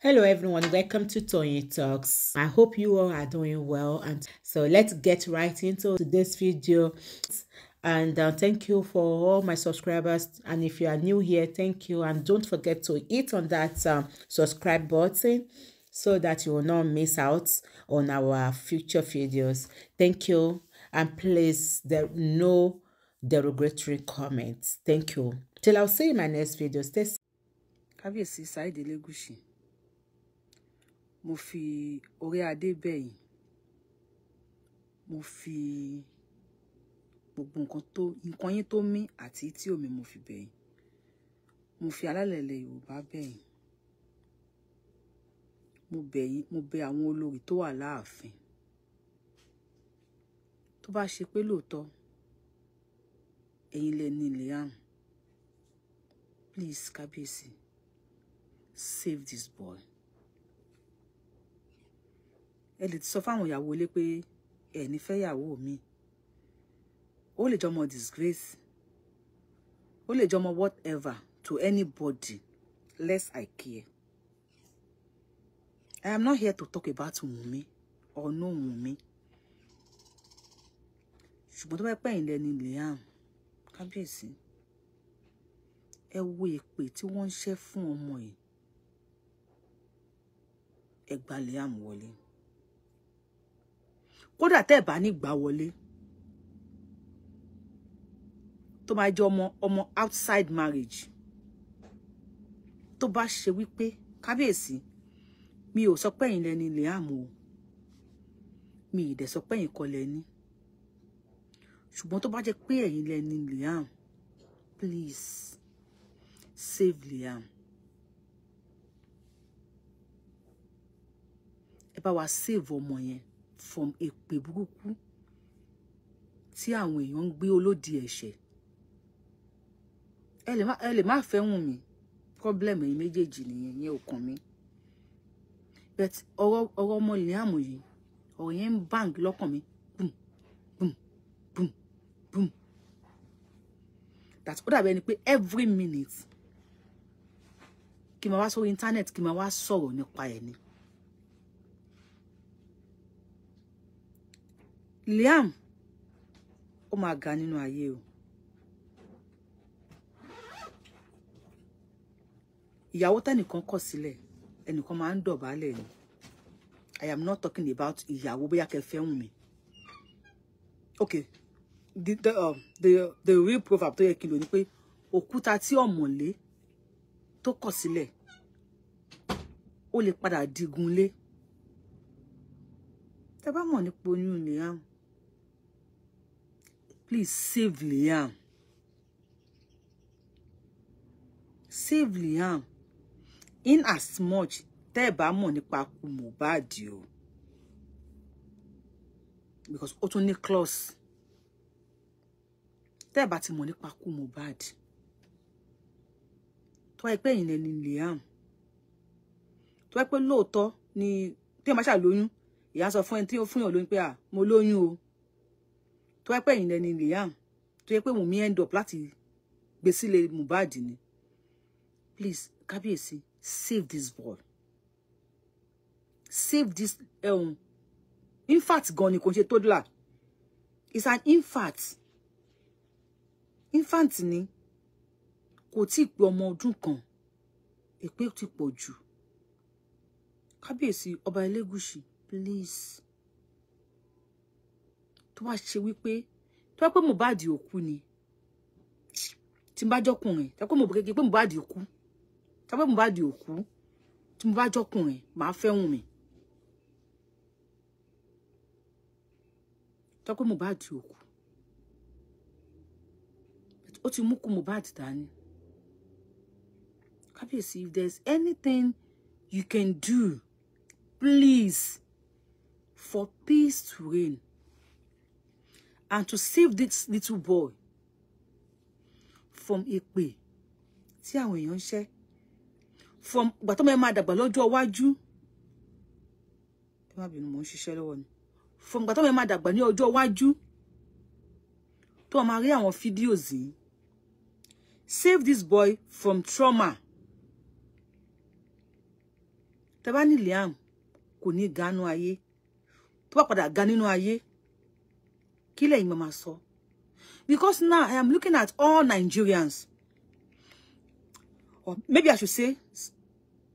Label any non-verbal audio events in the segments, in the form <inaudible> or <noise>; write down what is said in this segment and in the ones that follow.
Hello everyone, welcome to Toyeen Talks. I hope you all are doing well and so let's get right into today's video and uh, thank you for all my subscribers and if you are new here, thank you and don't forget to hit on that um, subscribe button so that you will not miss out on our future videos. Thank you and please there no derogatory comments. Thank you. Till I'll see you in my next video. Stay Have you Kábíyèsí Saheed Elegushi mo fi orí adé bẹ̀yìn mo fi gbogbo nǹkan tó nǹkan yín tó mí àti tí omi mo fi bẹ̀yìn mo fi alálẹ̀ ilẹ̀ yorùbá bẹ̀yìn mo bẹ̀yìn mo bẹ̀ àwọn olórí tó wà láàfin tó bá ṣe pé lóòótọ́ ẹ̀yin lẹ ní àrùn please kábíyèsí save this boy ẹ lè ti sọ fáwọn ìyàwó ilé pé ẹ ní fẹ́ ìyàwó mi ó lè jọmọ disgrace ó lè jọmọ whatever to anybody less I care I am not here to talk about Wunmi or no Wunmi ṣùgbọ́n tó bá pẹ́yìn lẹ́ni Liam kábíyèsí ẹ wo èpè tí wọ́n ń ṣẹ́ fún ọmọ yìí ẹ gba Liam wọlé kódà tẹ́ ẹ̀ bá ní gbà wọlé tó máa jẹ́ ọmọ ọmọ outside marriage tó bá ṣe wípé kábíyèsí mi ò sọ pẹ́yìn lẹni Liam o mi ì dẹ̀ sọ pẹ́yìn kọ́ lẹni ṣùgbọ́n tó bá jẹ́ pé ẹ̀yin lẹni Liam please save Liam ẹ bá wa save ọmọ yẹn from èpè burúkú tí àwọn èèyàn ń gbé olódi ẹ̀ṣẹ̀ ẹ lè má fẹ́ wùn problem ẹ̀yin méjèèjì nìyẹn yẹn ò kàn but ọ̀rọ̀ ọmọ Liam yìí ọ̀rọ̀ yẹn ń bang lọ́kàn mi boom, boom, boom. bùm that ó dàbí ẹni pé every minute kí n máa wá sórí internet kí n máa wá sọ̀rọ̀ nípa ẹ̀ ni. Liam ó máa ga nínú ayé o ìyàwó tẹnìkan kọ̀ sílẹ̀ ẹnìkan máa ń dọ̀bálẹ̀ ni I am not talking about ìyàwó bóyá kẹfẹ́ wù mí okay the the, uh, the the real proverb tó yẹ kí n lò ni pé òkúta tí ọ̀mọ̀lé tó kọ̀ sílẹ̀ ó lè padà digun lé tẹ bá mọ̀ nípa oyún Liam Please save Liam. Save Liam. In as much tẹ́ ẹ̀ bá mọ̀ nípa kú Mohbad Because ó tún ní clause. Tẹ́ ẹ̀ bá ti mọ̀ nípa kú Mohbad. Tọ́ ẹ pé ìyìn lẹni Liam. Tọ́ ẹ pé lóòótọ́ ni tí ẹ máa ṣàlóyún ìyá sọ fún ẹni tí ó fún yàn lóyún pé à mo lóyún o tó wáyé pé ẹ̀yìn lẹni Liam tó yẹ pé Wùnmí end up láti gbé sílé Mohbad ni please kábíyèsí save this boy save this um, infant gan ni kò ṣe toddler it's an infant infant ni kò tí ì pé ọmọ ọdún kan èpè ti pọ̀ jù kábíyèsí ọba Elégùṣì please tó wá ṣe wípé tó wá pé Mohbad òkú ni tí n bá jọkùnrin tó wá pé mo kékeré pé Mohbad òkú tó wá pé Mohbad òkú tí mo bá jọkùnrin màá fẹ́ wùn tó wá pé Mohbad òkú ó ti mú kú Mohbad dání kábíyèsí if there is anything you can do please for peace to reign and to save this little boy from èpè tí àwọn èèyàn ń from ìgbà tó máa dàgbà lọ́jọ́ iwájú ẹ má bínú mò ń ṣiṣẹ́ lọ́wọ́ ni from ìgbà me máa dàgbà ní ọjọ́ iwájú tó máa rí àwọn fídíòs yìí save this boy from trauma tẹ bá Liam kò ní ga nínú ayé tó bá padà ga nínú ayé kí him, máa sọ because now I am looking at all Nigerians or maybe I should say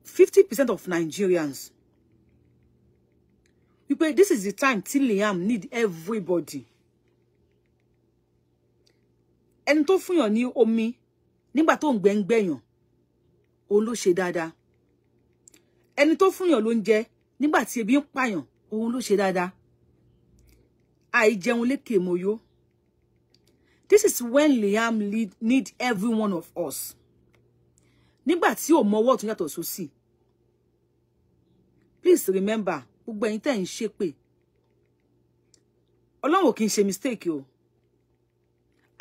fifty percent of Nigerians wípé this is the time tí Liam need everybody ẹni tó fúnyàn ní omi nígbà tó ń gbẹ̀ngbẹ̀yàn òun ló ṣe dada. ẹni tó fúnyàn ló ń jẹ nígbà tí ebi ń pààyàn òun ló ṣe dáadáa àìjẹun lékè mọ́yó. This is when Liam lead, need every one of us. Nígbà tí o mọwọ́ tún yàtọ̀ sósì. Please remember, gbogbo ẹ̀yin tẹ́ ń ṣépè. Ọlọ́run ò kì í ṣe mistake o.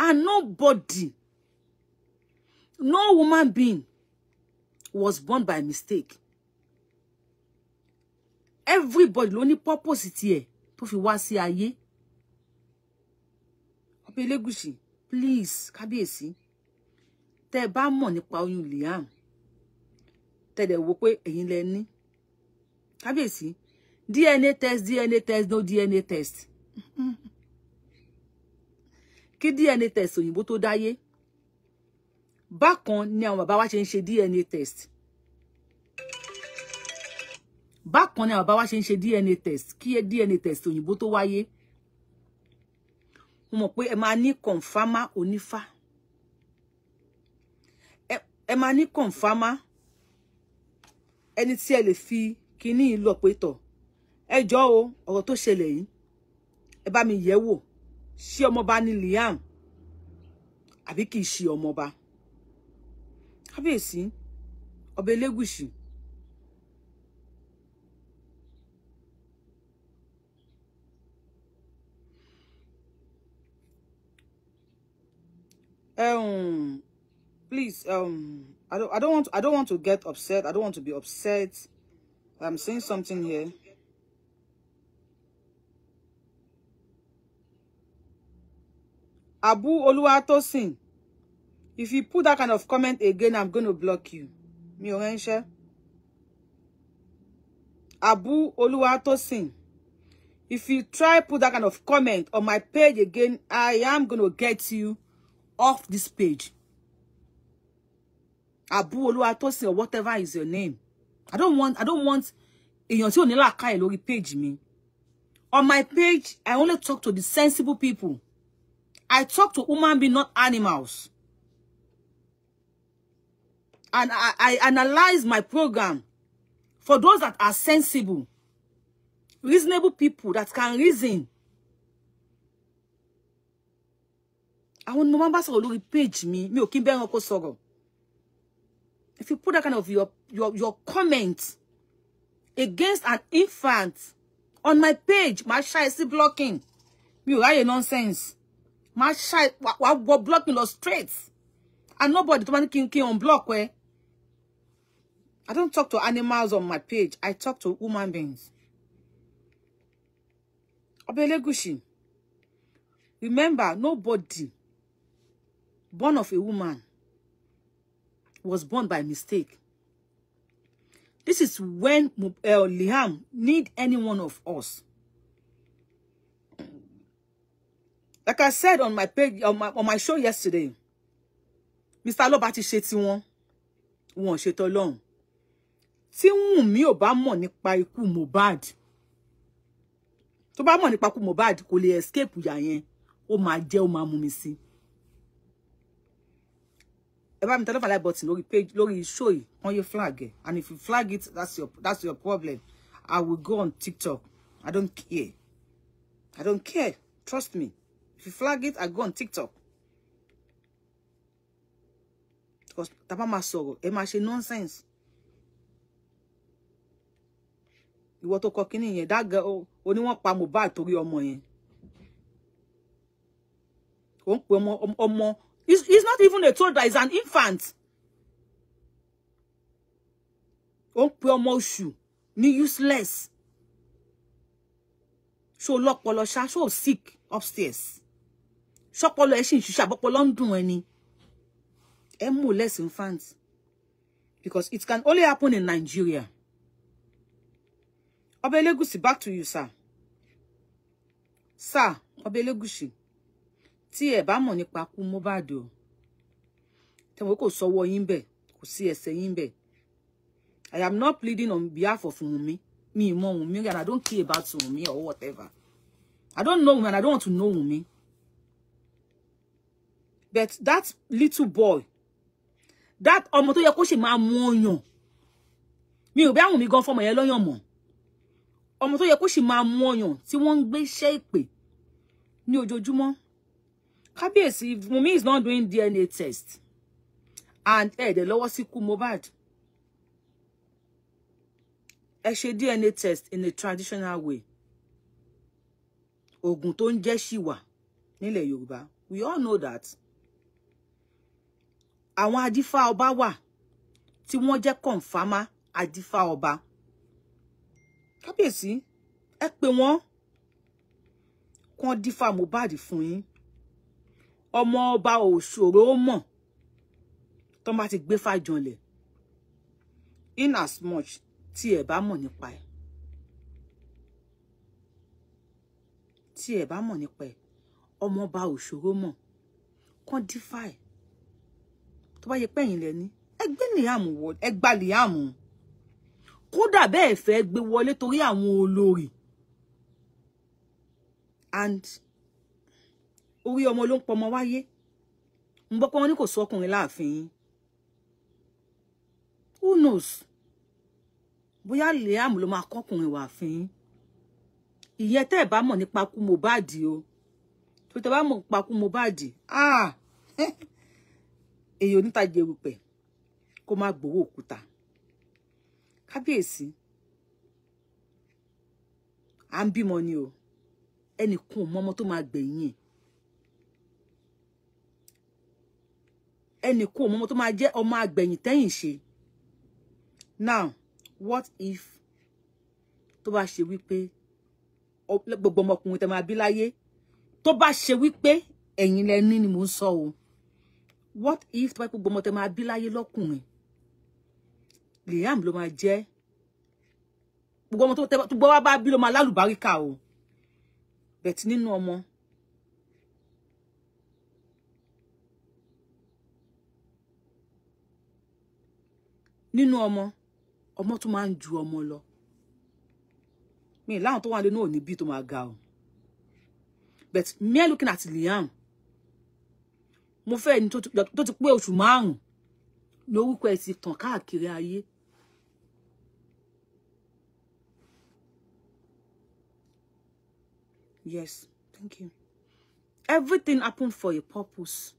And nobody, no woman being was born by mistake. Everybody ló ní purpose tiẹ̀ tó fi wá sí ayé. Ọba Elégùṣì please kábíyèsí tẹ́ ẹ bá mọ̀ nípa oyún Liam tẹ́ dẹ̀ wò pé ẹ̀yin lẹ ní kábíyèsí DNA test DNA test no DNA test <laughs> kí DNA test òyìnbó tó dáyé bákan ni àwọn bàbá wa ṣe ń ṣe DNA test bákan ni àwọn bàbá wa ṣe ń ṣe DNA test kí DNA test òyìnbó tó wáyé mo mọ̀ pé ẹ máa ní kọ̀ǹfámá onífá ẹ máa ní kọ̀ǹfámá ẹni tí ẹ lè fi kinní lọ pé tọ̀ ẹ jọ o ọ̀rọ̀ tó ṣẹlẹ̀ yìí ẹ bá mi yẹ̀ wò ṣé ọmọba ni Liam àbí kì í ṣe ọmọba kábíyèsí ọba elégùsì um please um i don't i don't want to, i don't want to get upset i don't want to be upset i'm saying something here abu oluwatosin if you put that kind of comment again i'm going to block you mi ò abu oluwatosin if you try put that kind of comment on my page again i am going to get you off this page. Abuoluwatosin or whatever is your name. I don't want I don't want èèyàn tí ò ní làákàyè page me. On my page, I only talk to the sensible people. I talk to human beings, not animals. And I, I analyze my program for those that are sensible, reasonable people that can reason. àwọn ni mo máa ń bá sọ̀rọ̀ lórí page mi mi ò kí ń bẹ́ ẹranko sọ̀rọ̀ if you put that kind of your your your comment against an infant on my page máa ṣáì sí blocking mi ò ráyè nonsense máa ṣáì wàá wọ blocking lọ straight and nobody tó bá ní kí n kí n unblock ẹ. I don't talk to animals on my page. I talk to human beings. Obelegushi, remember, nobody born of a woman, was born by mistake. This is when uh, Liam need any one of us. Like I said on my page on my on my show yesterday, Mr. Aloba ti ṣe tiwọn, wọn ṣe mi Tí Wùnmí ò bá mọ̀ nípa ikú Mohbad. Tó bá mọ̀ nípa ikú Mohbad kò lè escape ìyà yen. ó máa jẹ ó máa mú mi sí ẹ bá mi tẹ lọ́fà like button lórí page lórí show yìí on your flag and if you flag it that's your that's your problem I will go on TikTok I don't care I don't care trust me if you flag it I go on TikTok because tàbá máa sọ̀rọ̀ ẹ máa ṣe nonsense ìwọ tó kọ kínní yẹn dágẹ o ní wọ́n pa mobile torí ọmọ yẹn ó ń pe ọmọ ọmọ He's, he's not even a toddler, he's an infant. Oh ń Moshu, me oṣù ní useless. Ṣó lọ́pọlọ ṣá, ṣó sick upstairs. Ṣọ́pọlọ ẹ̀ ṣì ń ṣiṣẹ́ àbọ́pọlọ ń dùn ẹni. Ẹ less infant. Because it can only happen in Nigeria. Ọba back to you, sir. Sir, Ọba tí ẹ bá mọ̀ nípa kú Mohbad o tẹ̀wé kò sọ́wọ́ yín bẹ̀ kò sí ẹsẹ̀ yín bẹ̀ I am not pleading on behalf of Wunmi mi mọ̀ Wunmi and I don't care about Wunmi or whatever I don't know Wunmi and I don't want to know Wunmi but that little boy that ọmọ tó yẹ kó ṣe máa mú ọyàn mi ò bá Wunmi gan fọmọ yẹn lọ́yàn mọ́ ọmọ tó yẹ kó sì máa mú ọyàn tí wọ́n ń gbé iṣẹ́ ìpè ní ojoojúmọ́ kábíyèsí Wunmi is not doing DNA test and ẹ dẹ̀ lọ́wọ́ sí ikú Mohbad ẹ ṣe DNA test in a traditional way oògùn tó ń jẹ́ ṣìwà nílẹ̀ Yorùbá we all know that àwọn adífá ọba wà tí wọ́n jẹ́ kọǹfàmà adífá ọba kábíyèsí ẹ pè wọ́n kàn dífá Mohbad fún yín ọmọ ọba òṣòro mọ̀ tó bá ti gbé fàjọlẹ̀ in as much tí ẹ bá mọ̀ nípa ẹ̀ tí ẹ bá mọ̀ nípa ẹ̀ ọmọ ọba òṣòro mọ̀ kàn dífà ẹ̀ tó bá yẹ pẹ́yìn lẹ́ni ẹ gbé Liam wọlé ẹ gba Liam kódà bẹ́ẹ̀ fẹ́ gbé wọlé torí àwọn olórí and orí ọmọ ló ń pọmọ wáyé ń bọ́ pé wọ́n ní kò sọkùnrin láàfin who knows bóyá liam ló máa kọkùnrin wà fún yín ìyẹn tẹ́ ẹ̀ bá mọ̀ nípa kú Mohbad o tó tẹ́ bá mọ̀ nípa kú Mohbad ah! <laughs> èyí onítajà erùpẹ̀ kó má gbowó òkúta kábíyèsí à ń bímọ ni o ẹnì kan ò tó máa gbẹ̀yìn ẹ̀ ẹnì kú ọmọ tó máa jẹ́ ọmọ agbẹ̀yìn tẹ́yìn ṣe now what if tó bá ṣe wípé gbogbo ọmọkùnrin tẹ́ máa bí láyé tó bá ṣe wípé ẹ̀yin lẹ ni mò ń sọ o what if tó bá gbogbo ọmọ tẹ́ máa bí láyé lọ́kùnrin Liam ló máa jẹ́ gbogbo ọmọ tó gbọ́ wá bá bí ló máa lálùbáríkà o bẹ̀tí nínú ọmọ nínú ọmọ ọmọ tó máa ń ju ọmọ lọ mi láwọn tó wà nínú òní bí tó máa ga o but mere looking at Liam mo fẹ́ ẹni tó ti pé oṣù márùn lórúkọ ẹ̀ ti tàn káàkiri ayé yes thank you everything happened for a purpose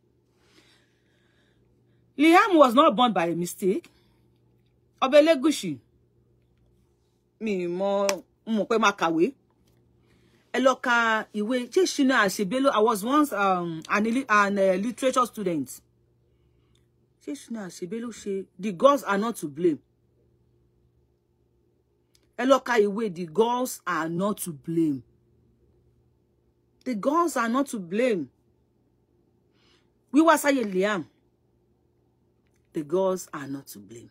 Liam was not born by a mistake ọba Elégùṣì mi mọ mo pé máa kàwé ẹ lọ ka ìwé ṣé Ṣínà Àṣebélò I was once um, an, an uh, literature student ṣé Ṣínà Àṣebélò ṣe the girls are not to blame ẹ lọ ka ìwé the girls are not to blame the girls are not to blame wíwá sáyé Liam the girls are not to blame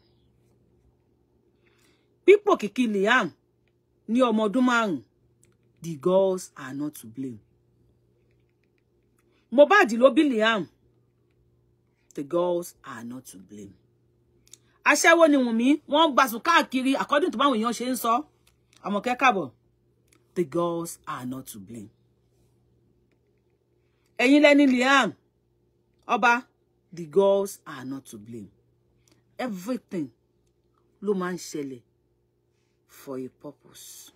pípò kìkì Liam ní ọmọ ọdún márùn the girls are not to blame Mohbad lo bí Liam the girls are not to blame aṣẹ́wó ni Wùnmí wọ́n ń gbàsùn káàkiri according to báwọn èèyàn ṣe ń sọ Àmọ̀kẹ́ káàbọ̀ the girls are not to blame ẹ̀yin lẹ́ni Liam Oba, the girls are not to blame everything ló man ń for a purpose.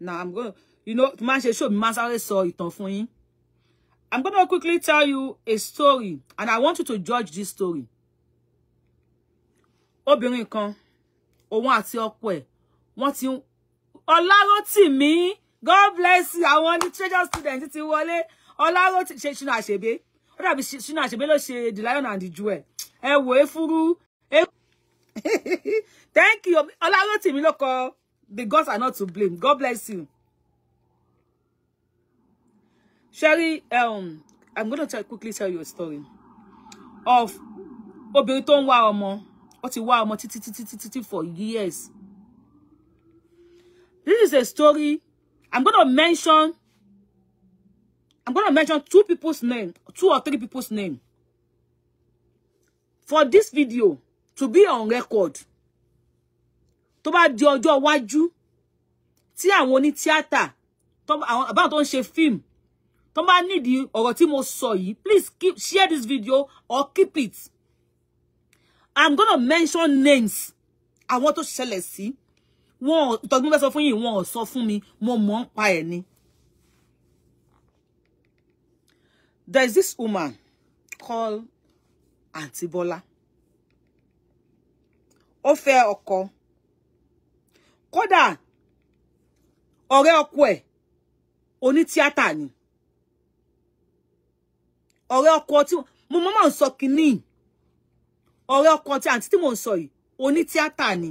Now I'm going you know, man ṣe show mi máa sáré sọ ìtàn fún I'm going to quickly tell you a story and I want you to judge this story. Obìnrin kan, òun àti ọkọ ẹ̀, wọ́n ti Ọlárótìmí, God bless you, I want the treasure student ti wọlé. Ọlárótìmí ṣe Ṣínà Àṣèbé. Ó dàbí Ṣínà Àṣèbé ló ṣe The Lion and the Jewel. Ẹ wò é fúrú. <laughs> thank you Ọláròtìmí ló kọ the gods are not to blame god bless you Sherry um i'm gonna tell, quickly tell you a story of obìnrin tó What you ọmọ ó ti wá ọmọ títí títí for years this is a story i'm gonna mention i'm gonna mention two people's name two or three people's name for this video to be on record tó bá di ọjọ́ iwájú tí àwọn oní tíátà àbáwọn tó ń ṣe fíìmù tó bá nídìí ọ̀rọ̀ tí mo sọ yìí please keep, share this video or keep it i'm gonna mention names àwọn tó ṣẹlẹ̀ sí wọn ìtọ́gbọ́n fẹ́ sọ fún yìí wọn ò sọ fún mi mo mọ̀ ń pa ni. there is this woman called Auntie ó fẹ́ ọkọ kódà ọ̀rẹ́ ọkọ ẹ̀ oní tíátà ni ọ̀rẹ́ ọkọ tí mo mọ́ máa ń sọ kínní ọ̀rẹ́ ọkọ tí àǹtí tí mò ń sọ yìí oní tíátà ni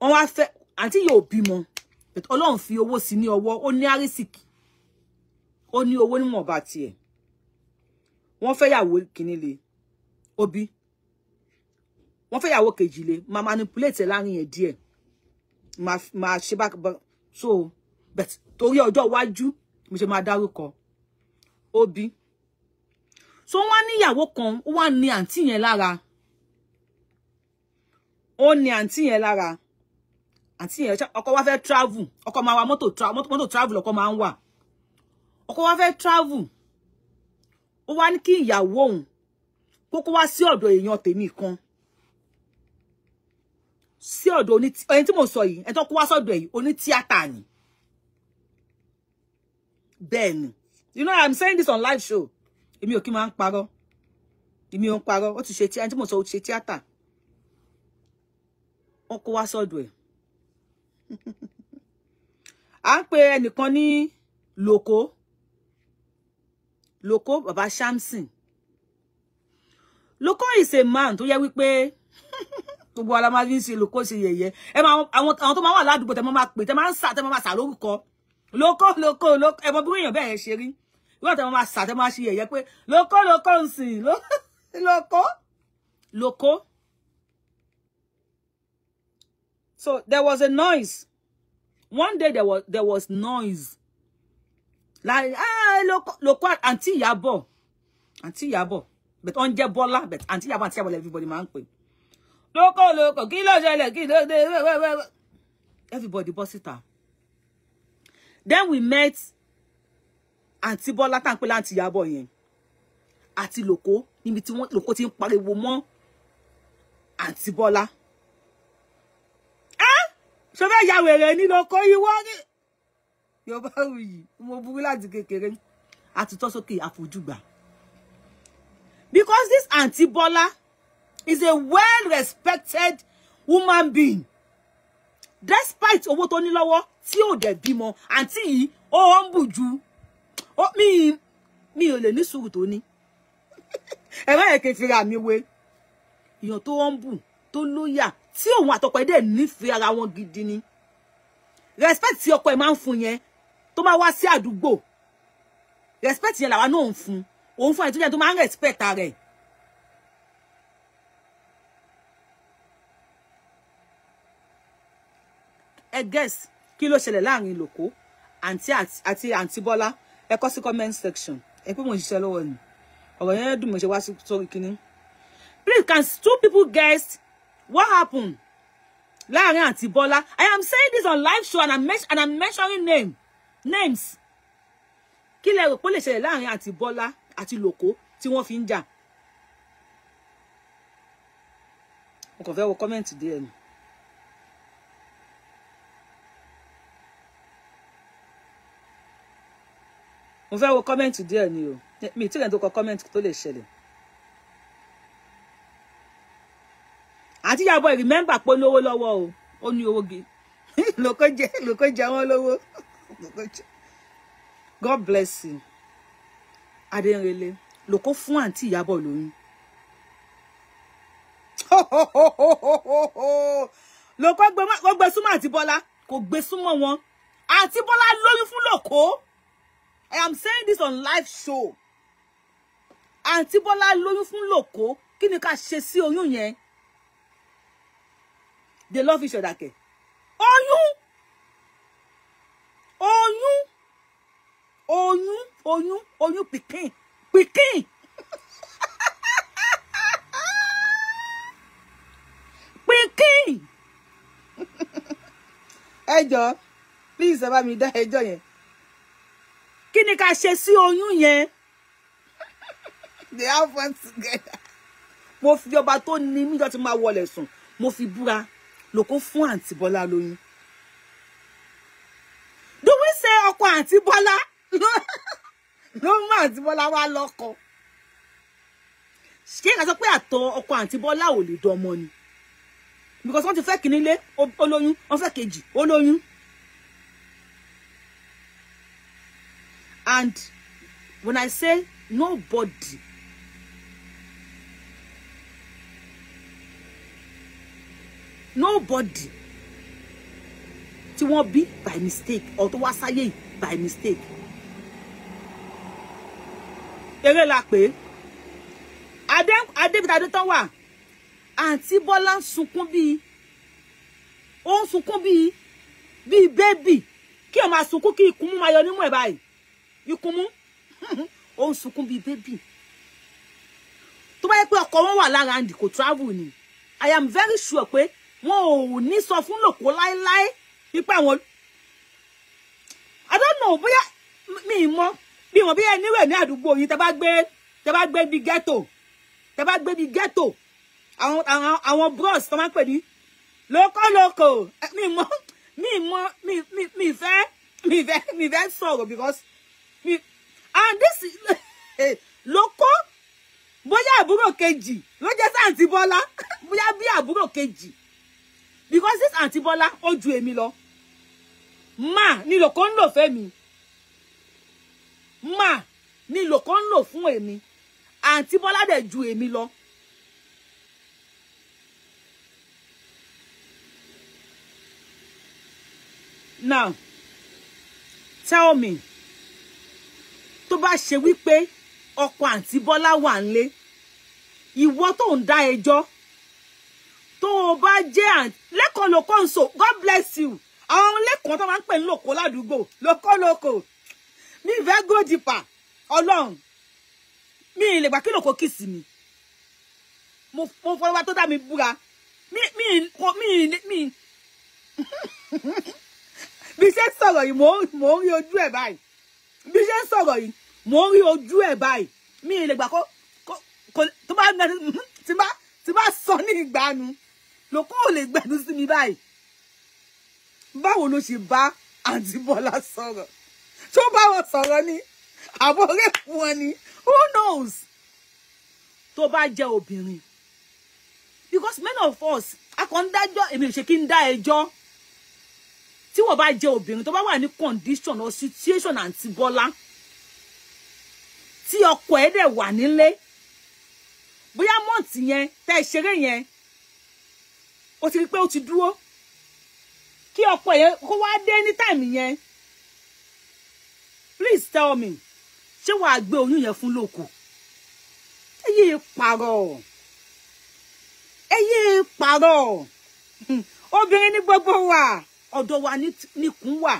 wọ́n wá fẹ́ àǹtí yóò bímọ ọlọ́run fi owó sí ní ọwọ́ ó ní àrísìkì ó ní owó níwọ̀nba tiẹ̀ wọ́n fẹ́ yàwó kínní le obi wọ́n fe yàwó kejì lé máa manipulate láàrin yẹn díẹ̀ Ma ma ṣe bá so but tori ojo waju, mo ṣe máa dárúkọ obi so wọ́n ni ìyàwó kan wọ́n ni àǹtí yẹn lára ó ní àǹtí yẹn lára àǹtí yẹn ọkọ wa fẹ́ travel oko máa wa mọ́tò tra mọ́tò travel oko máa ń wà ọkọ wa fẹ́ travel ó wá ní kí ìyàwó òun kókó wá sí ọ̀dọ̀ èèyàn tèmi kan sí ọ̀dọ̀ oní ẹni tí mo sọ yìí ẹni tó kó wá sọ́dọ̀ yìí oní tíátà ni bẹ́ẹ̀ ni you know i'm saying this on live show èmi ò kí máa ń parọ́ èmi ò ń parọ́ ó ti ṣe tí ẹni tí mo sọ ó ti ṣe tíátà wọn kó wá sọ́dọ̀ ẹ̀ <laughs> à ń pe ẹnìkan ní lóko lóko baba shamson Loko is a man tó yẹ wípé gbogbo ala máa fi ń ṣe Loko ṣe yẹ̀yẹ́ ẹ máa àwọn àwọn tó to wà a tẹ máa máa pè tẹ máa ń sà tẹ máa máa sà lórúkọ Loko Loko Loko ẹ mọ bí èèyàn bẹ́ẹ̀ ṣe rí wíwọ́n tẹ máa máa sà tẹ máa ṣe yẹ̀yẹ́ pé Loko Loko ń sìn Loko Loko. So there was a noise. One day there was there was noise. Like ah Loko Loko àǹtí yabo. àǹtí yabo but on jẹ́ Bọ́lá but àǹtí Ìyábọ̀ àǹtí Ìyábọ̀ everybody máa ń loko, lóko lóko kí ló ṣẹlẹ̀ de de. everybody bossita. then we met Anti bola tá à ń pè láǹtí Ìyábọ̀ yẹn àti lòkó níbi tí lòkó ti ń pariwo mọ́ àǹtí Bọ́lá ṣe fẹ́ ya wèrè ní lóko ìwọ ni Yorùbá wuyì mo burú láti kékeré àtútọ́ sókè àfojúgbà. Because this Auntie Bola is a well-respected woman being. Despite owó tó ní lọ́wọ́ tí ò dẹ̀ bímọ, àǹtí yìí ó ń bù ju. Mi mi ò lè ní sùúrù tó ní. Ẹ má yẹ kí fi ra mi wé. Èèyàn tó ń bù tó lóyà tí òun àtọkọ̀ ẹ̀ dẹ̀ nífẹ̀ẹ́ ara wọn gidi ni. Respect tí ọkọ ẹ̀ máa ń fún yẹn tó máa wá sí Respect yẹn làwa náà ń fún òun fún ẹ tó jẹ́ tó máa respect ara ẹ̀. ẹ guess kí ló ṣẹlẹ̀ láàrin lòkó àǹtí àti àǹtí bọ́lá ẹ kọ sí comment section ẹ pé mo ń ṣiṣẹ́ lọ́wọ́ ni ọ̀rọ̀ yẹn dùn mo ṣe wá sórí kínní. please can two people guess what happened láàrin anti bola. i am saying this on live show and i'm, and I'm mentioning name names kí lẹ rò pé ó lè ṣẹlẹ̀ láàrin àti lòkó tí wọ́n fi ń jà mo kàn fẹ́ wo kọ́mẹ́ǹtì díẹ̀ ni. mo fẹ́ wo kọ́mẹ́ǹtì díẹ̀ ni o mi tí kẹ́ni tó kọ kọ́mẹ́ǹtì tó lè ṣẹlẹ̀. àti Ìyábọ̀ rìmẹ́mbà pé lówó lọ́wọ́ o ó ní owó gi lóko <laughs> jẹ lóko jẹ wọn lówó <laughs> God bless you adérele lòkó fún àǹtí ìyábọ̀ lóyún lòkó <laughs> gbé súnmọ́ àti bọ́lá kò gbé súnmọ́ wọn àti bọ́lá lóyún fún lòkó i am saying this on live show àǹtí bọ́lá lóyún fún lòkó kí ni ká ṣe sí oyún yẹn they love each other kẹ oyún oyún oyún oyún oyún pikin pikin pikin ẹjọ please ẹ bá mi dá ẹjọ́ yẹn kí ni ká ṣe sí oyún yẹn they have fun together mo fi ọba tó ní mí jọ ti máa wọlé sùn mo fi búra lóko fún àǹtí Bọ́lá lóyún do we say ọkọ àǹtí Bọ́lá <laughs> nọ́mbà àǹtí bọ́lá wá lọ́kọ ṣé ká sọ pé àtọ̀ ọkọ àǹtí bọ́lá ò lè dọmọ ni because wọ́n ti fẹ́ kìíní lé olóyún wọ́n fẹ́ kejì olóyún and when I say nobody nobody tí wọ́n bí by mistake or tó wá sáyé by mistake eré la pè é adé adébítà adétán wà àǹtí bọ́lá ń sunkún bíi ó ń sunkún bíi bíi bébì kí o máa sunkún kí ikùn mú máa yọ nímú ẹ̀ báyìí ikùn mú <laughs> ó ń sunkún bíi bébì tó bá yẹ pé ọkọ wọn wà lára and kò travel ni i am very sure pé wọn ò ní sọ fún lòkó láéláé pípa àwọn i don't know bóyá mi ì mọ̀ bí mo bí ẹni wẹ̀ ní àdúgbò yìí tẹ bá gbé tẹ bá gbé bí ghetto tẹ bá gbé bí ghetto àwọn àwọn àwọn bros tó máa ń pè ní lókòlókò mi mọ mi mọ mi mi mi fẹ́ mi fẹ́ mi fẹ́ sọ̀rọ̀ because mi and this <laughs> eh, lókò bóyá àbúrò kejì ló jẹ́ sí àǹtí Bọ́lá <laughs> bóyá bí àbúrò kejì because this àǹtí Bọ́lá ó ju èmi lọ máa ni lókò ń lò fẹ́ mi. Ma, ni lò kan lò fún èmi àǹtí Bọ́lá dẹ̀ ju èmi lọ. now tell me tó bá ṣe wípé ọkọ àǹtí Bọ́lá wà nílé ìwọ tó ń dá ẹjọ́ tó o bá jẹ́ àǹtí lẹ́kọ̀ọ́ lóko ń God bless you àwọn lẹ́kọ̀ọ́ tó máa ń pè ń lòkó ládùúgbò mi fẹ́ go deeper ọlọ́run mi ì lè gbà kí lòkó kìsì mi mo mo fọlọ́wọ́ tó dá mi búra mi mi mi mi bí ṣe ń sọ̀rọ̀ yìí mò ń rí ojú ẹ̀ báyìí bí ṣe ń sọ̀rọ̀ yìí mò ń rí ojú ẹ̀ báyìí mi ì lè gbà kó kó tó bá ti bá ti bá sọ ní ìgbanu lòkó ò lè gbẹ̀nu sí mi báyìí báwo ló ṣe bá àǹtí Bọ́lá sọ̀rọ̀ tó bá wọn sọ̀rọ̀ ni àbọ̀rẹ́ fún wọn ni who knows tó bá jẹ́ obìnrin because many of us a kàn ń dájọ́ èmi ò ṣe kí ń dá ẹjọ́ tí wọ́n bá jẹ́ obìnrin tó bá wà ní condition or situation àǹtí Bọ́lá tí ọkọ ẹ̀ dẹ̀ wà nílé bóyá mọ́ǹtì yẹn tẹ́ ẹ ṣeré yẹn o ti rí pé o ti dúró kí ọkọ yẹn kó wá dé ní táìmì yẹn please tell me ṣé wàá gbé oyún yẹn fún lóko ẹ yé parọ́ ẹ yé parọ́ obìnrin ní gbogbo wa ọ̀dọ̀ wa nìkún wà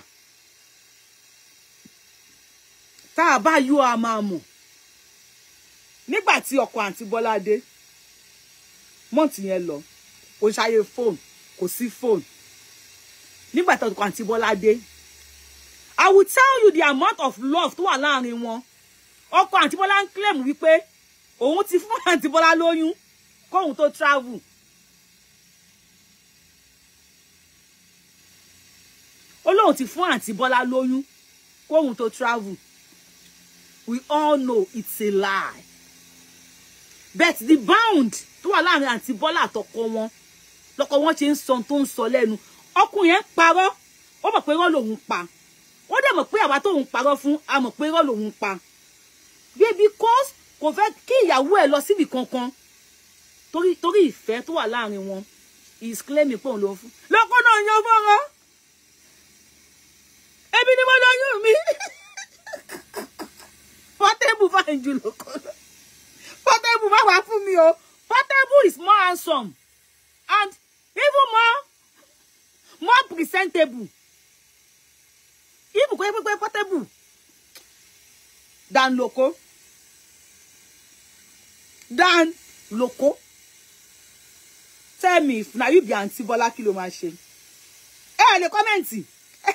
tá a bá yọ a máa mọ̀ nígbà tí ọkọ àǹtí Bọ́lá dé mọ́ǹtì yẹn lọ kò ṣàyè fóònù kò sí fóònù I will tell you the amount of love tó wà láàrin wọn. Ọkọ Àǹtí Bọ́lá ń claim wípé òun ti fún Àǹtí Bọ́lá lóyún kóun to travel. Ó lóun ti fún Àǹtí Bọ́lá lóyún kóun to travel. We all know it's a lie. But the bound to Allah and Àǹtí Bọ́lá àtọkọ wọn lọkọ wọn ṣe ń sọ tó ń sọ lẹ́nu O yẹn parọ́ ó mọ̀ pé wọ́n ó dẹ̀ mọ̀ pé àwa tóun parọ́ fún a mọ̀ pé irọ́ lòun pa baby cause kò fẹ́ kí ìyàwó ẹ̀ lọ síbi kankan torí torí ìfẹ́ tó wà láàrin wọn is claiming pé òun ló fún lọ́pọ̀ náà yan fọ́nrán ebi ni mo lóyún mi Portable fine jù lọ́kọ́ lọ Portable má wá fún mi o Portable is more handsome and even more more presentable ibùkún yẹ pípẹ́ pọ́tẹ́bù dan loco, dan loco, tell me if na you be aunty Bọ́lá kí ló máa ṣe ẹ lè kọ́mẹ̀ntì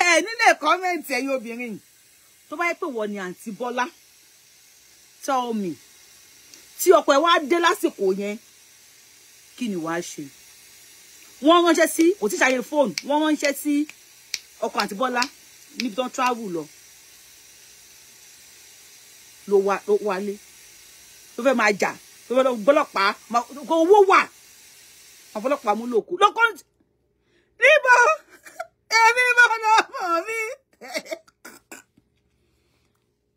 ẹ nílé kọ́mẹ̀ntì ẹ̀yin obìnrin yìí tó bá yẹ pé wọ́n ni àǹtí Bọ́lá tell me tí ọkọ ẹ wá dé lásìkò yẹn kí ni wàá ṣe wọ́n ránṣẹ́ sí òtíṣàyè phone. wọ́n ránṣẹ́ sí ọkọ àǹtí Bọ́lá níbi tán travel lọ ló wá ló wálé ló fẹ́ máa jà ló fẹ́ lọ gbọ́lọ́pàá owó wà àwọn ọlọ́pàá mú lòkù lọ́kọ́ níbo èmi mọ̀ náà mọ̀ mí.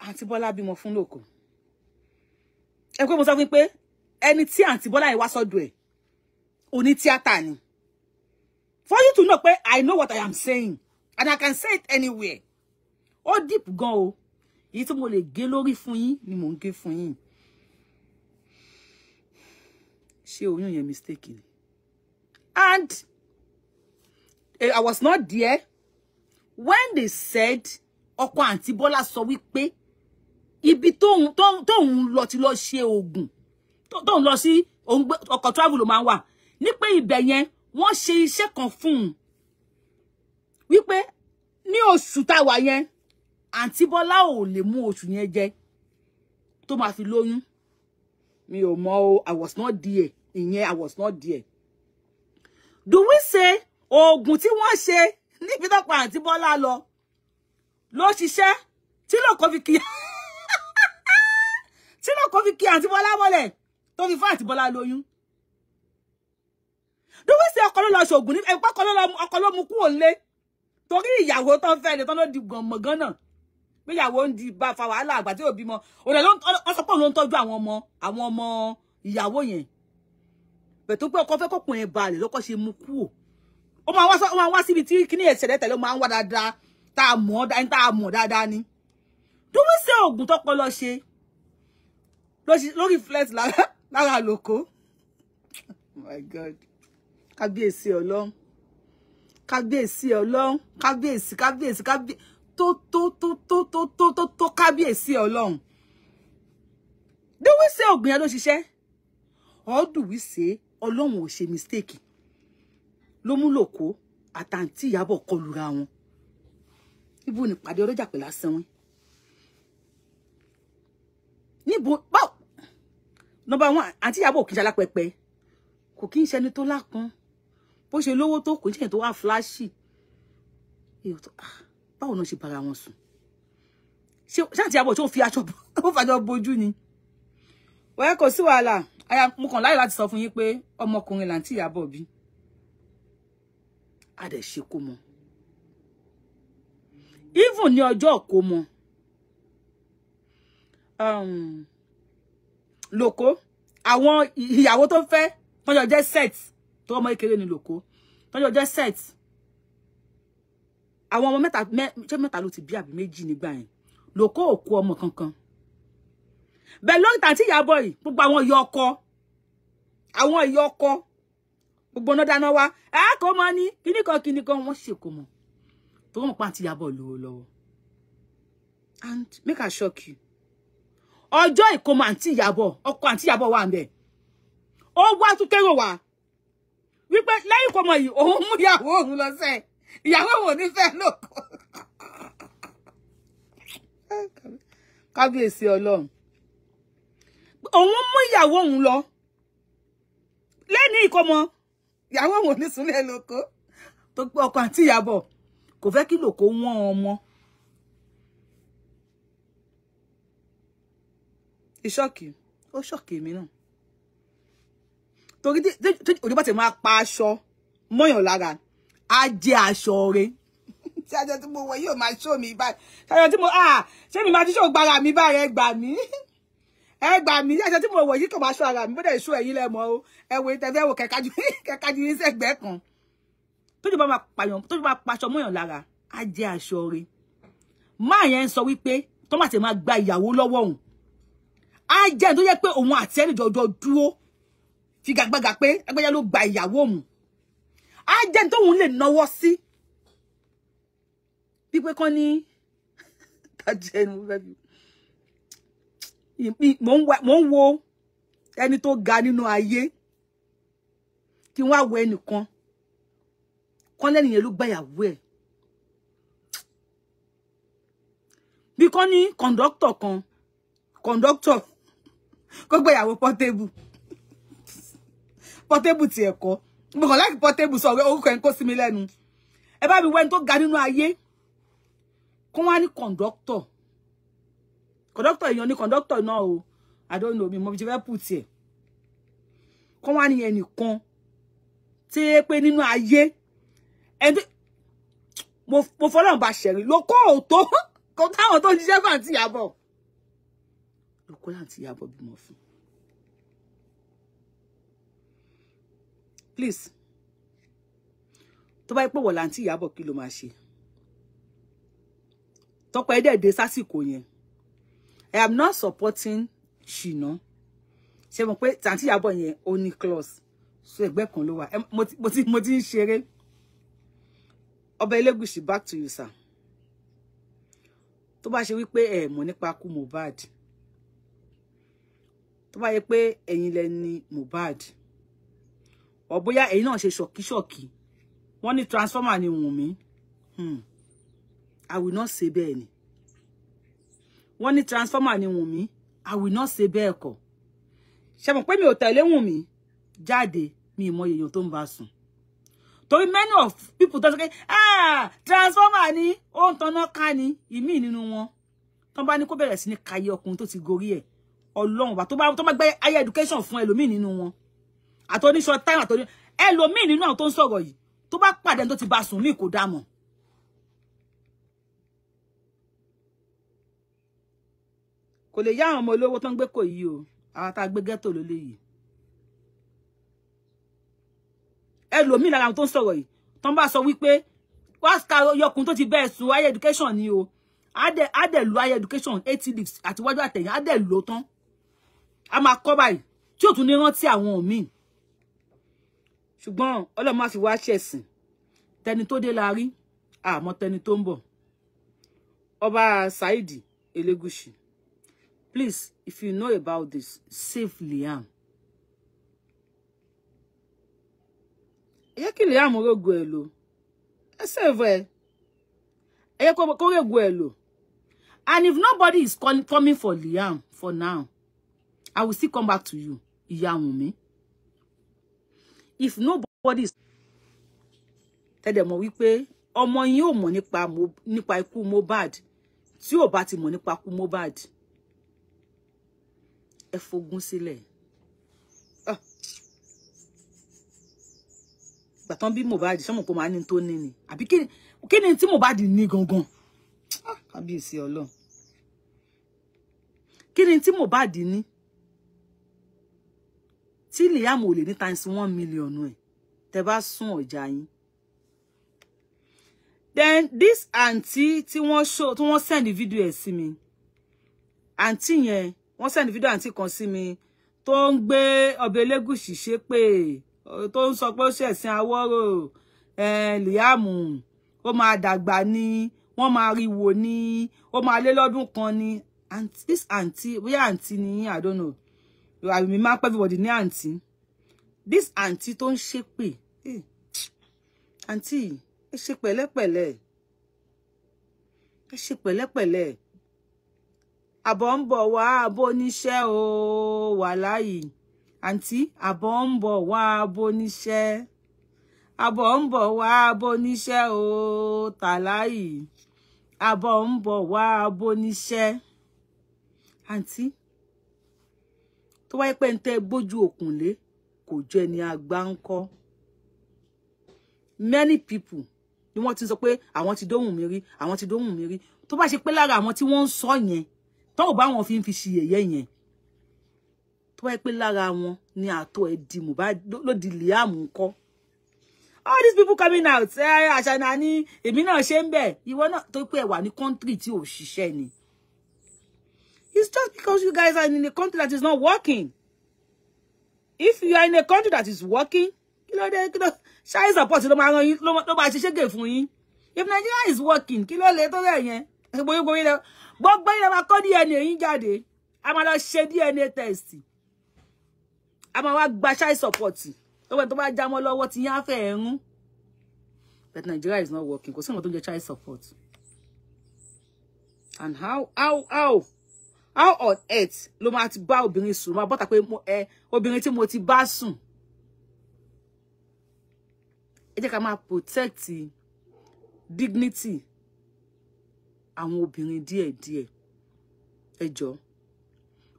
àǹtí Bọ́lá bímọ fún lòkù ẹ pé mo sọ fún yín pé ẹni tí àǹtí Bọ́lá yìí wá sọ́dọ̀ ẹ̀ oní tíátà ni for you to know pé I know what I am saying and I can say it anywhere. Oh, deep go! o. Èyí tí mo lè gé lórí fún yín ni mò ń gé fún yín. Ṣé oyún mistake ni? And eh, I was not there when they said ọkọ àǹtí Bọ́lá sọ wípé ibi to tóun lọ ti lọ ṣe oògùn tóun lọ sí ọkọ̀ travel ló máa ń wà ní ibe yen yẹn wọ́n ṣe iṣẹ́ kan fún wípé ní oṣù táwa yẹn àǹtí Bọ́lá ò lè mú oṣù yẹn jẹ tó máa fi lóyún mi ò mọ o I was not there ìyẹn I was not there do we say oògùn tí wọ́n ṣe níbi tó pa àǹtí Bọ́lá lọ ló ṣiṣẹ́ tí lóko fi kí <laughs> tí lóko fi kí àǹtí Bọ́lá mọ́lẹ̀ tó fi fún àǹtí Bọ́lá lóyún do we say ọkọ ló lọ ṣoògùn ní ẹgbẹ́ ọkọ ló mú kúrò nílé torí ìyàwó tó ń fẹ́ ni tó ló di gànmọ̀ gan náà pé ìyàwó ń di bá fa wàhálà àgbà tí ò bímọ òde ló ń sọ pé òun ló ń tọ́jú àwọn ọmọ àwọn ọmọ ìyàwó yẹn bẹ̀tú pé ọkọ fẹ́ kọkùnrin balẹ̀ lọ́kọ́ ṣe mú kúò ó máa wá síbi tí kíní ẹ̀ṣẹ̀ tẹ̀lé máa ń wá dáadáa tá a mọ̀ tá a mọ̀ dáadáa ni dúwísẹ́ oògùn tọ́pọ̀ lọ ṣe lórí flex lára lóko <laughs> oh my god kábíyèsí ọlọ́run kábíyèsí ọlọ́run kábíyèsí kábíyèsí kábíyèsí tó tó tó tó tó tó tó tó kábíyèsí ọlọ́run do we say ògbìn yẹn ló ṣiṣẹ́ or do we say ọlọ́run ò ṣe mistake ló mú lòkó àtàǹtí ìyàbọ̀ kọlura wọn ibo ni pàdé ọlọ́jà pẹ̀lú asẹ́wọ́n níbo báwo number one àǹtí ìyàbọ̀ kì í ṣe alápẹ̀pẹ̀ kò kí ń ṣẹni tó lákan bó ṣe lówó tó kò jẹ́ tó wà fúláṣì èèyàn tó ah, báwo náà ṣe bára wọn sùn ṣé àti àbọ̀ tó fi aṣọ tó <laughs> fàjọ bojú ni wẹ́ẹ́ kò sí wàhálà aya mo kàn láyè láti sọ fún yín pé ọmọkùnrin làǹtí Ìyábọ̀ bí a dẹ̀ ṣe kó mọ even ní ọjọ́ kó mọ um, lóko àwọn ìyàwó tó fẹ́ tọ́jọ́ jẹ́ set tọmọ kékeré ni lòkó tọjọ jẹ set àwọn ọmọ mẹ́ta ṣé mẹ́ta ló ti bí àbí méjì nígbà yẹn lòkó òkú ọmọ kankan bẹ́ẹ̀ lórí tàǹtí ìyàbọ yìí gbogbo àwọn ìyá ọkọ àwọn ìyá ọkọ gbogbo ọ̀nà dáná wa ẹ kò mọ ní kíníkan kíníkan wọn ṣèkó mọ tó wọn pa àti ìyàbọ lówó lọ́wọ́ and make i shock you ọjọ́ ìkómọ àǹtí ìyàbọ ọkọ àǹtí ìyàbọ wà ń bẹ ó wá tún kérò wá wípé lẹ́yìn kò mọ̀ yìí òun mú ìyàwó òun lọ sẹ́ ìyàwó òun ní fẹ́ lóko. kábíyèsí ọlọ́run òun mú ìyàwó òun lọ lẹ́ni ìkọmọ ìyàwó òun ní súnlẹ̀ lóko tó gbé ọkọ àti ìyàbọ̀ kò fẹ́ kí lóko wọ́n ọmọ. ìṣọ́kì ó ṣọ́kì mi náà torí tí òjò bá ti máa pa aṣọ mọ́yàn lára á jẹ́ aṣọ rẹ tí <laughs> aṣọ tí mo wo yóò máa show mi báyìí aṣọ tí mo ah ṣé mi máa ti ṣó gbára mi báyìí ẹ gbà mí <laughs> ẹ gbà mí aṣọ tí mo wo yìí kò máa ṣó ara mi show ìṣó ẹ̀yìn mo. o ẹ wo ìtẹ̀fẹ́ wo kẹ̀kájú <laughs> kẹ̀kájú yín sẹ́gbẹ́ kan tójú bá máa ba tójú bá paṣọ mọ́yàn lára á jẹ́ aṣọ rẹ máa yẹn ń pe wípé tọ́mà ti máa gba ìyàwó lọ́wọ́ òun á jẹ́ tó yẹ pé òun àti ẹnìjọ́jọ́ dúró figagbága pe, ẹgbẹ́yà lo gba ìyàwó òun á jẹ́ tóun lè náwó sí pípé kán ní tàjẹ́ <laughs> ẹnu fẹ́ fi mò ń wo ẹni tó ga nínú ayé kí wọ́n á wo ẹnìkan kán lẹ́nu yẹn ló gba ìyàwó ẹ̀ bí kán ní kọ̀ǹdọ́tọ̀ kan kọ̀ǹdọ́tọ̀ kó gbẹ̀yàwó pọ́tébù. Portable ti ẹ̀kọ́. Mo kàn like Portable sọ orúkọ en kò sí mi lẹ́nu. Ẹ bá mi wen tó ga nínú ayé. Kon wá ní conductor. Conductor èèyàn ni conductor náà o. I don't know mi mo bi je fẹ́ put ẹ. Kon wá ní ẹnìkan tí pé nínú ayé. En mo mo fọlọ́run bá ṣẹ̀rí ló kó òótọ́ <laughs> kó táwọn tó ń ṣiṣẹ́ fàǹtì yàbọ̀ ló kó láǹtì yàbọ̀ bímọ fún un. please tó bá yẹ pé wọ̀ láǹtí Ìyábọ̀ kí ló máa ṣe Tọ́pẹ́ ẹ̀dẹ̀ẹ̀dẹ̀ sásìkò yẹn I am not supporting Ṣìnà ṣe mọ̀ pé tàǹtí Ìyábọ̀ yẹn ó ní close. so ẹgbẹ́ kan ló wà mo ti ń ṣeré Ọba Elégùṣì back to you sir tó bá ṣe wípé ẹ mọ̀ nípa kú Mohbad tó bá yẹ pé ẹ̀yin lẹ ni Mohbad or bóyá ẹ̀yin náà ṣe ṣọ̀kí ṣọ̀kí wọ́n ní transformer ni Wùnmí hmm i will not say bẹ́ẹ̀ ni wọ́n ní transformer ni Wùnmí i will not say bẹ́ẹ̀ kọ́ ṣé mọ̀ pé mi ò tẹ̀lé Wùnmí jáde mi mọ èèyàn tó ń bá sùn many of people tó sọ ah transformer ni ó ń tanná ká ni ìmí nínú wọn tán bá ní kó bẹ̀rẹ̀ sí ní kayé ọkùnrin tó ti gorí ẹ̀ ọlọ́run bá tó bá gbé higher education fún ẹlòmíì nínú wọn àtọ́ní short time àtọ́ní ẹlòmíì nínú àwọn tó ń sọ̀rọ̀ yìí tó bá pàdé tó ti bá sùn ní kò dá mọ̀. kò lè yá àwọn ọmọ olówó tó ń gbé kò yìí o àwọn tá a gbé ghetto ló lè yìí. ẹlòmíì lára àwọn tó ń sọ̀rọ̀ yìí tó ń bá sọ wípé wáṣíkà yọkùn tó ti bẹ́ẹ̀ sùn higher education ni o á dẹ̀ lo higher education eighty leaves àtiwájú àtẹ̀yìn á dẹ̀ lo tán a máa kọ́ báyìí tí ò tún ní rántí àwọn míì ṣùgbọ́n ọlọ́run má fi wá ṣẹ̀sìn tẹni tó dé la rí àmọ́ tẹni tó ń bọ̀ ọba saheed elegushi please if you know about this save liam ẹ̀yẹ́ kí liam rógo ẹ̀ lò ẹ save ẹ ẹ̀yẹ́ kó rógo ẹ̀ lò and if nobody is coming for liam for now i will still come back to you ìyá wùnmí if nobody is tẹ́lẹ̀ mọ̀ wípé ọmọ yín ò mọ̀ nípa nípa ikú Mohbad tí ò bá ti mọ̀ nípa ikú Mohbad ẹ fogun sílẹ̀ ah. gbàtán bí Mohbad sọmọ pé màá ní tó ní ni àbí kí ni tí Mohbad ní gangan ah, kábíyèsí Ọlọ́run kí ni tí Mohbad ní tí Liam ò lè ní times one million ẹ̀ tẹ́ bá sún ọ̀jà yín then this auntie, tí wọ́n show tí wọ́n send video ẹ̀ sí mi aunty yẹn wọ́n send video auntie kan sí mi tó ń gbé ọbẹ̀ elégùsì ṣépè tó ń sọ pé ó ṣẹ̀sìn awọ́rò Liam O, máa dàgbà ni wọ́n máa rí wò ni ó máa lé lọ́dún kan ni this auntie, bóyá auntie ni I don't know àmì máa ń pẹ́ everybody ní auntie. this auntie don't shake me, àǹtí Auntie, I shake pele pele, I shake pele pele. Abombo wa níṣẹ́ o walai, auntie. Abombo wa ń abombo wa abo o talai, abombo wa bọ̀ auntie. To wáyé pé ń tẹ bójú òkun lé kò ni àgbà ń many people ni wọ́n ti sọ pé àwọn ti dóhùn mi rí àwọn ti dóhùn mi rí to bá ṣe pé lára àwọn tí wọ́n ń sọ yẹn tó ò fi fi ṣe yẹ̀yẹ́ yẹn tó wáyé pé lára wọn ni àtọ̀ ẹ̀ di Mohbad ló di Liam ńkọ́ all these people coming out àṣàna ni èmi náà ṣe ń bẹ̀ ìwọ náà tó pé ẹ wà ní kọ́ńtírì tí ò ṣiṣẹ́ ni It's just because you guys are in a country that is not working. If you are in a country that is working, you know they, you know, ṣáyé support you. máa ran yín ló máa ṣiṣẹ́ gè fún yín. If Nigeria is working, kí ló later tó rẹ̀ yẹn? Gbogbo yín lọ But by the máa kọ́ DNA yín I'm A máa lọ ṣe DNA test. A máa wá gba ṣáyé support. Lọ́wọ́ tó bá já mọ́ what you have á fẹ́ But Nigeria is not working. because sí àwọn tó ń jẹ child support. And how how how how on earth ló máa ti bá obìnrin sùn máa bọ́ta pé ẹ obìnrin tí mo ti bá sùn ẹ jẹ́ ká máa protect dignity àwọn obìnrin díẹ̀díẹ̀ ẹ jọ̀ọ́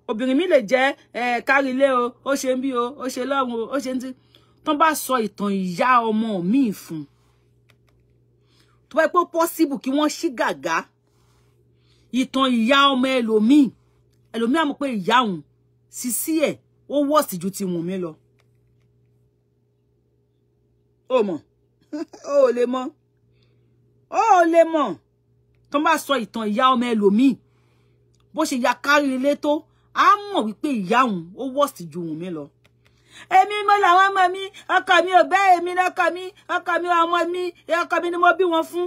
obìnrin mi lè jẹ́ kárílé o ó ṣe ń bí o ó ṣe lọ́run o ó ṣe ń tí tán bá sọ ìtàn mi fún tó bá pé possible kí wọ́n ṣí gàgá ìtàn ìyá ọmọ ẹlòmíì ẹlòmíà mọ̀ pé ìyá òun sísí ẹ̀ ó wọ́ọ̀sì ju ti wùn mí lọ. ó mọ̀ ó <laughs> ò lè mọ̀ ó ò lè mọ̀ tó bá sọ ìtàn ìyá ọmọ ẹlòmíì bó ṣe ya kárí ilé tó á mọ̀ wípé ìyá òun ó ju wùn mí lọ èmi mo làwọn ọmọ mi ọkọ mi ò bẹ́ èmi lọ́kọ mi ọkọ mi ọmọ mi ọkọ mi ni mo bí wọn fún.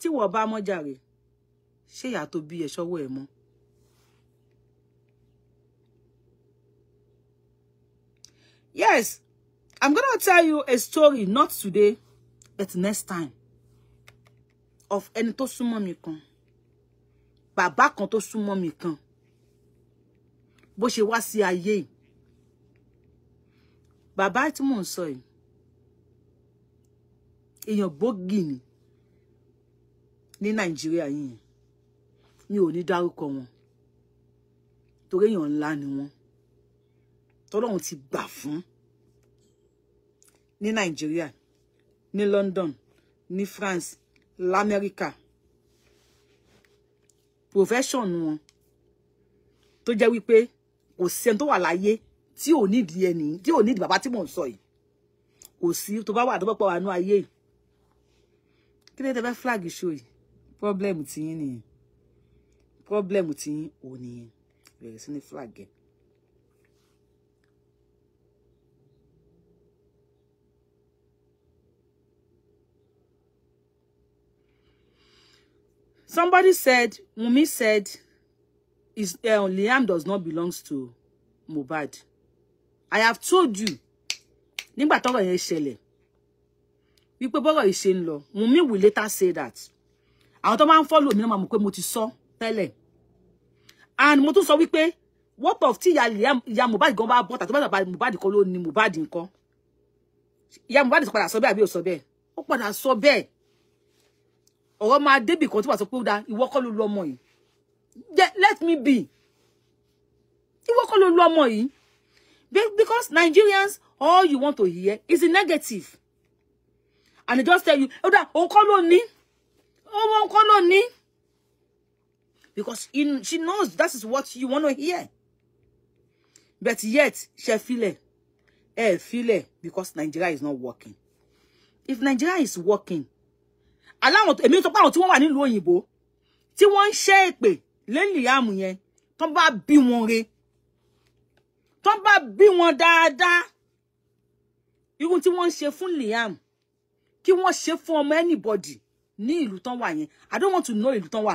tí wọ́n bá mọ́ jàre ṣé ìyá tó bí ẹ ṣọ́wọ́ ẹ mọ́. Yes, I'm going to tell you a story, not today, but next time. Of ẹni tó súnmọ́ mi kan. Bàbá kan tó súnmọ́ mi kan. Bó ṣe wá sí ayé yìí. Bàbá tí mò ń sọ yìí. Èèyàn ni ní Nàìjíríà yìí. Mi ò ní dárúkọ wọn. Torí èèyàn ńlá ni tọ́lọ́run ti gbà fún ní nàìjíríà ní London ní France l'Amẹ́ríkà profession wọn tó jẹ́ wípé kò sí ẹni tó wà láyé tí ò nídìí ẹni tí ò nídìí bàbá tí mò ń sọ yìí kò sí tó bá wà tó pọ̀ wà nú ayé yìí kí ló dé fẹ́ flag show yìí problem tiyín nìyẹn problem tiyín ò nìyẹn bẹ̀rẹ̀ sí ní flag yẹn. Somebody said, Mumi said, is, uh, Liam does not belong to Mubad. I have told you, nígbà tọ́rọ̀ yẹn ṣẹlẹ̀, wípé bọ́rọ̀ yìí ṣe ń will later say that. Aotoma tó máa ń follow mi náà máa mọ̀ pé mo ti And mo tún sọ what of tí ìyá Mohbad gan bá bọ́ tàbí bàbá Mohbad kọ́ ni ní Mohbad nǹkan? Ìyá Mohbad padà sọ bẹ́ẹ̀ àbí ò sọ bẹ́ẹ̀? Ó padà sọ bẹ́ẹ̀ ọ̀rọ̀ máa débì kan tó wà sọ pé ó da ìwọ lu ọmọ yìí let me be ìwọ kọ́ ló lu ọmọ yìí because Nigerians all you want to hear is the negative and they just tell you ó da òun kọ́ ló ní òun kọ́ ló ní because in, she knows that is what you want to hear but yet she feel it eh feel it because Nigeria is not working if Nigeria is working aláwọn èmi sọ pé àwọn tí wọ́n wà nílùú òyìnbó tí wọ́n ń ṣe èpè lẹ́lìyàmù yẹn tó bá bí wọn re tó bá bí wọn dáadáa irú tí wọ́n ń ṣe fún Liam kí wọ́n ṣe fún ọmọ anybody ní ìlú tán wà yẹn I don't want to know ìlú tán wà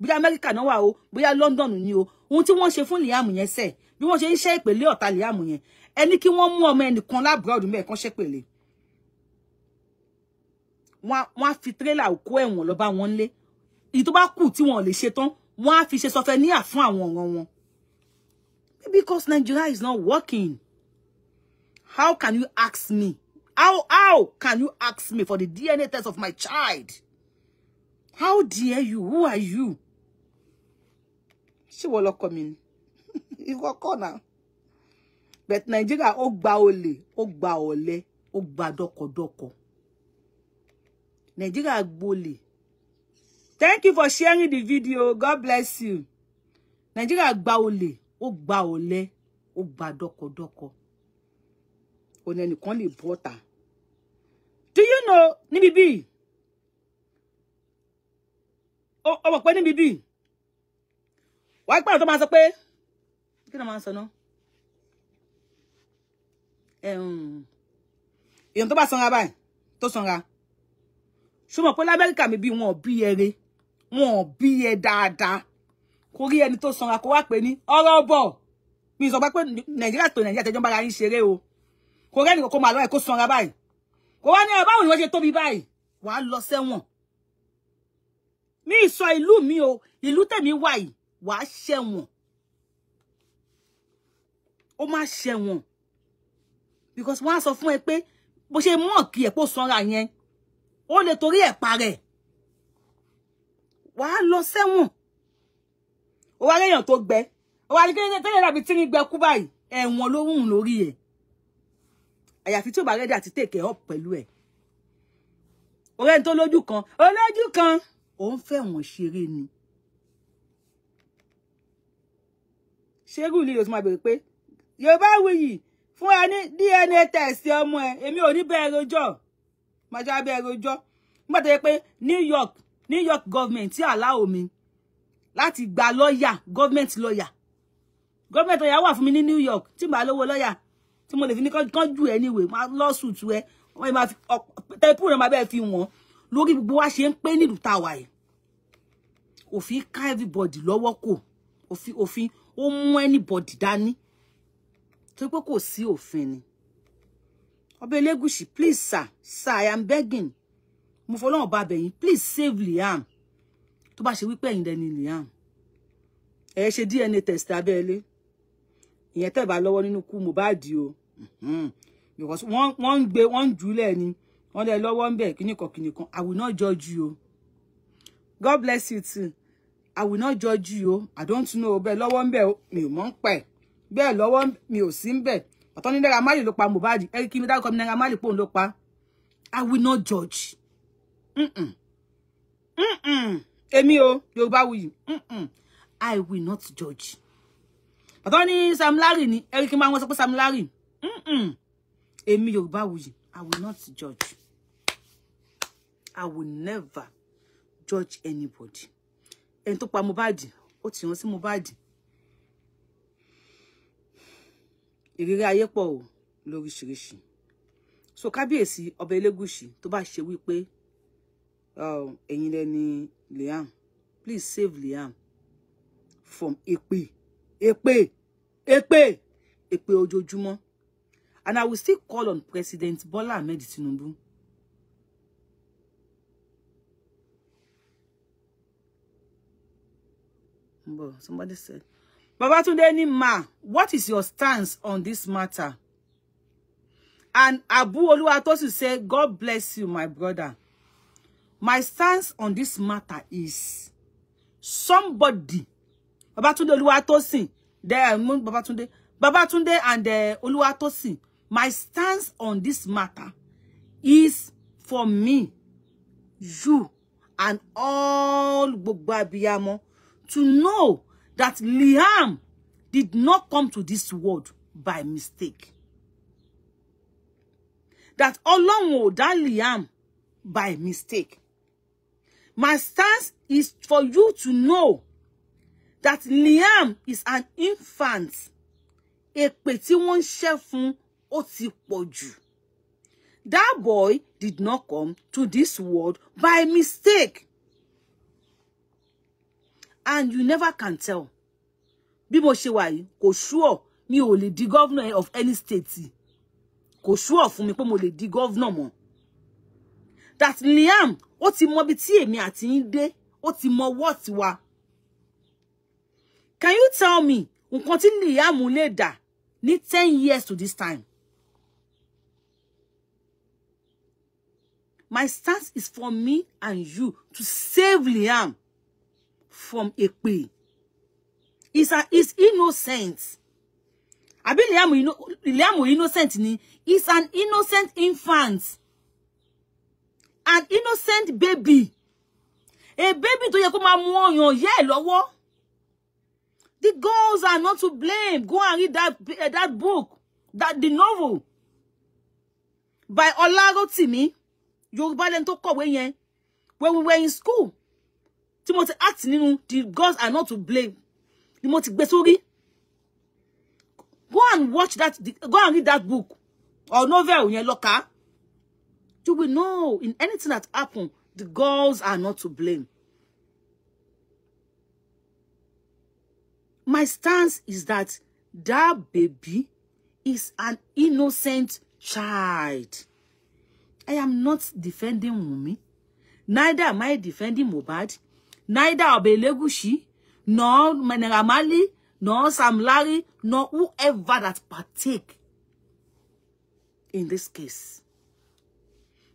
bóyá Amẹ́ríkà náà wà o bóyá London ni o ohun tí wọ́n ṣe fún Liam yẹn sẹ̀ bí wọ́n ṣe ń ṣe ìpèlè ọ̀tá Liam yẹn ẹni kí wọ́n mú ọmọ ẹnìkan lábúrò ọdún mẹ́ẹ̀kan ṣépèlè wọ́n fi tírélà òkú ẹ̀wọ̀n lọ bá wọn lé èyí tó bá kù tí wọn lè ṣe tán wọ́n á fi ṣe sọfẹníà fún àwọn ọ̀ràn wọn. because Nigeria is not working how can you ask me how how can you ask me for the DNA test of my child how dare you who are you ṣé wọ́n lọ́kọ mi ni <laughs> ìwọ kọ́ náà but Nigeria ó gba olè ó gba ọ̀lẹ ó gba dọ́kọ̀dọ́kọ̀. Nigeria gbolè. Thank you for sharing the video. God bless you. Nigeria gba olè, ó gba olè, ó gba dọ́kọdọ́kọ. Ó ní ẹnìkan lè bọ́ta. Do you know níbi bí? Ó mọ̀ pé níbi bí? Wàá pàrọ̀ tó máa sọ pé kí ni máa ń sọ náà? Èèyàn tó bá sanra báyìí tó sanra ṣùgbọ́n pé lamẹ́ríkà mi bí wọn ò bí ẹre wọn ò bí ẹ dáadáa kò rí ẹni tó sanra kó wá pé ní ọ̀rọ̀ bọ̀ mi sọ pé nàìjíríà tó nàìjíríà tẹjọ́ bára yín ṣeré o kò rẹ́ni kò máa lọ ẹ̀ kó sanra báyìí kò wá ní ọ̀báwò ni wọ́n ṣe tóbi báyìí wàá lọ sẹ́wọ̀n mi sọ ìlú mi o ìlú tèmi wà yìí wàá ṣẹ̀wọ̀n ó máa ṣẹ̀wọ̀n because wọ́n á sọ fún ẹ pé bó ṣe mọ̀ọ́kì ẹ̀ sanra yẹn ó lè torí ẹ̀ parẹ́ wàá lọ sẹ́wọ̀n ó wá léèyàn tó gbẹ ó wá ní kí tẹ́lẹ̀ dàbí tí ní gbẹ kú báyìí ẹ̀wọ̀n ló hùn lórí ẹ̀ àyàfi tí ò bá rẹ́dí àti tèkẹ́ ọ̀ pẹ̀lú ẹ̀ ọ̀rẹ́ tó lójú kan olójú kan òun fẹ́ wọ́n ṣeré ni ṣerú ilé yóò tún máa bèrè pé Yorùbá wuyì fún ẹ ní DNA test ọmọ ẹ èmi ò ní bẹ́ẹ̀ rojọ́ máa já bẹ́ẹ̀ rojọ́ nígbà tó yẹ pé New York New York government tí àláò mi láti gba lọ́ọ̀yà government lọ́ọ̀yà government lọ́ọ̀yà wà fún mi ní New York tí màá lówó lọ́ọ̀yà tí mo lè fi ní kán jù ẹ́ níwèé máa lawsuit ẹ wọ́n máa fi tẹ́pù rẹ̀ máa bẹ́ẹ̀ fi wọ́n lórí gbogbo wa ṣe ń pé nílùú táwa yìí òfin ká everybody lọ́wọ́ kò òfin òfin ó mú anybody dání tó pé kò sí òfin ni Ọba Elegushi, please, sir. Sir, I am begging. Mo fọlọ́run bá bẹ̀ please save Liam. Tó bá ṣe wípé ẹ̀yin dẹni Liam. Ẹ ṣe DNA test abẹ́lé. Ìyẹn tẹ́ bá lọ́wọ́ nínú ikú Mohbad o. Mm-hmm. Because one one. ń gbé wọ́n ń jùlẹ̀ ni. Wọ́n lẹ lọ́wọ́ ń bẹ̀ kíní kan kan. I will not judge you God bless you too. I will not judge you I don't know bẹ́ẹ̀ lọ́wọ́ ń bẹ̀ mi ò mọ̀ ń pẹ̀. mi ò sí ń ọ̀tọ́ ní Naira Marley ló pa Mohbad ẹ̀rí kí mi dárúkọ mi Naira Marley pòun ló pa I will not judge èmi o Yorùbáwuyì I will not judge ọ̀tọ́ ní Sam Larry ni ẹ̀rí kí n máa wọ́n sọ pé Sam Larry èmi Yorùbáwuyì I will not judge I will never judge anybody ẹni tó pa Mohbad ó ti hàn sí Mohbad ìrírí ayé pọ̀ o lóríṣiríṣi so kábíyèsí ọba elégùsì tó bá ṣe wípé um, ẹ̀yin lẹni liam please save liam from èpè èpè èpè èpè ojoojúmọ́ and i will still call on president bola ahmed tinubu somebody said Baba tunde ni ma, what is your stance on this matter? And Abu Oluwatosu said, God bless you, my brother. My stance on this matter is somebody, Baba Babatunde Oluwatosin, there, Babatunde, Babatunde and uh, Oluwatosin, my stance on this matter is for me, you, and all gbogbo to know that Liam did not come to this world by mistake. That Ọlọ́run ò dá Liam by mistake. My stance is for you to know that Liam is an infant. a tí one ń ṣẹ́ fún That boy did not come to this world by mistake and you never can tell bí mo ṣe wà yìí kò sure mi ò lè di governor of any state Ko sure fún mi pé mo lè di governor mo. that Liam ó ti mọ bí tí èmi àti yín dé ó ti mọ what wa can you tell me nǹkan tí Liam lè dà ní 10 years to this time my stance is for me and you to save Liam from èpè is a is innocent àbí Liam ino Liam innocent ni is an innocent infant an innocent baby a baby tó yẹ kó máa mú ọyàn ìyá ẹ̀ the girls are not to blame go and read that that book that the novel by Olarotimi Yorùbá lẹ́ni to kọ̀wé yẹn when we were in school tí mo ti act nínú the gods are not to blame ni mo ti gbé sórí go and watch that go and read that book or novel yẹn lọ kà you will know in anything that happen the girls are not to blame my stance is that that baby is an innocent child i am not defending Wunmi neither am i defending Mohbad neither of Elegushi, nor Meneramali, nor Samlari, nor whoever that partake in this case.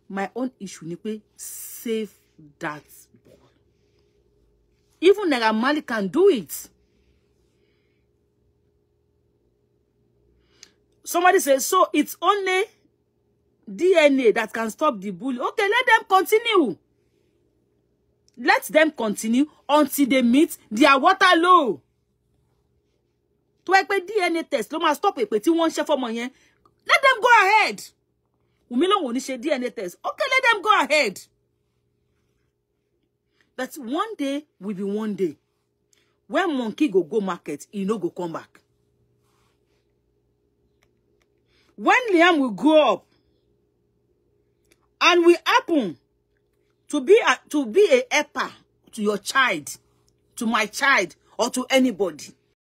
My own issue ni pé save that ball. Even Naramali can do it. Somebody says, so it's only DNA that can stop the bully. Okay, let them continue let them continue until they meet their water low tó wáyé dna test ló máa stop èpè tí wọ́n ń ṣe fọ́mọ let them go ahead wùmí lòun ò ní ṣe dna test okay let them go ahead but one day will be one day when monkey go go market he no go come back when liam will grow up and we happen to be a, to be a helper to your child, to my child, or to anybody.